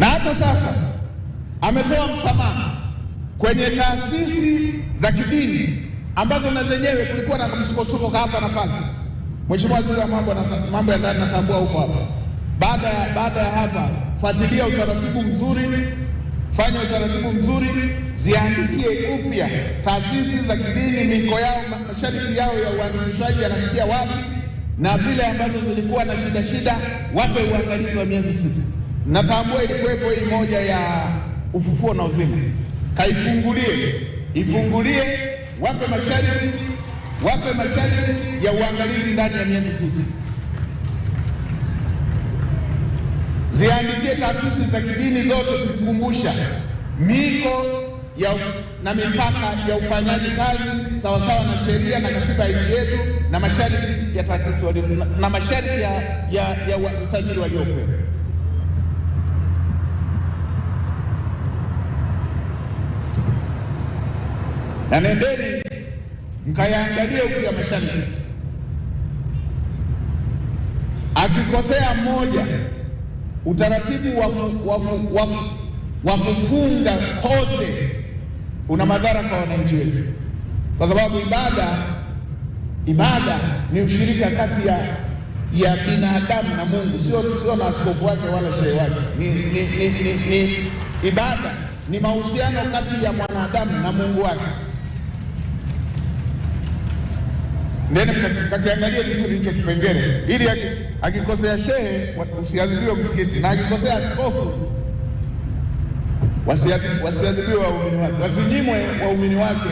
na hata sasa ametoa msamaha kwenye taasisi za kidini ambazo na zenyewe kulikuwa na msukosuko hapa na pale. Mheshimiwa Waziri wa mambo, na, mambo ya ndani natambua huko hapa. Baada ya baada ya hapa, fuatilia utaratibu mzuri, fanya utaratibu mzuri, ziandikie upya taasisi za kidini miko yao, masharti yao ya uanzishaji yanafikia wapi, na vile ambazo zilikuwa na shida shida, wape uangalizi wa miezi sita natambua ilikuwepo hii moja ya ufufuo na uzima, kaifungulie, ifungulie, wape masharti, wape masharti ya uangalizi ndani ya miezi sita, ziandikie taasisi za kidini zote kuzikumbusha miko ya na mipaka ya ufanyaji kazi sawasawa na sheria na katiba ya nchi yetu na masharti ya taasisi na masharti ya, ya, ya, ya usajili waliopewa. na nendeni mkayaangalie huku ya mashariki. Akikosea mmoja, utaratibu wa, wa, wa, wa kufunga kote una madhara kwa wananchi wetu, kwa sababu ibada ibada ni ushirika kati ya ya binadamu na Mungu, sio sio na askofu wake wala shehe wake. Ni, ni, ni, ni, ni ibada ni mahusiano kati ya mwanadamu na Mungu wake. nene kakiangalia vizuri hicho kipengele, ili akikosea shehe usiadhibiwe msikiti, na akikosea askofu wasiadhibiwe waumini wake, wasinyimwe waumini wake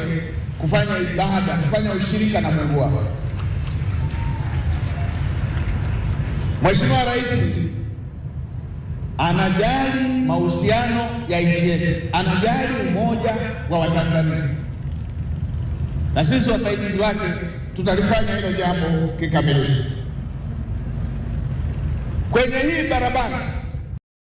kufanya ibada, kufanya ushirika na Mungu wao. Mheshimiwa Rais anajali mahusiano ya nchi yetu, anajali umoja wa Watanzania na sisi wasaidizi wake tutalifanya hilo jambo kikamilifu kwenye hii barabara.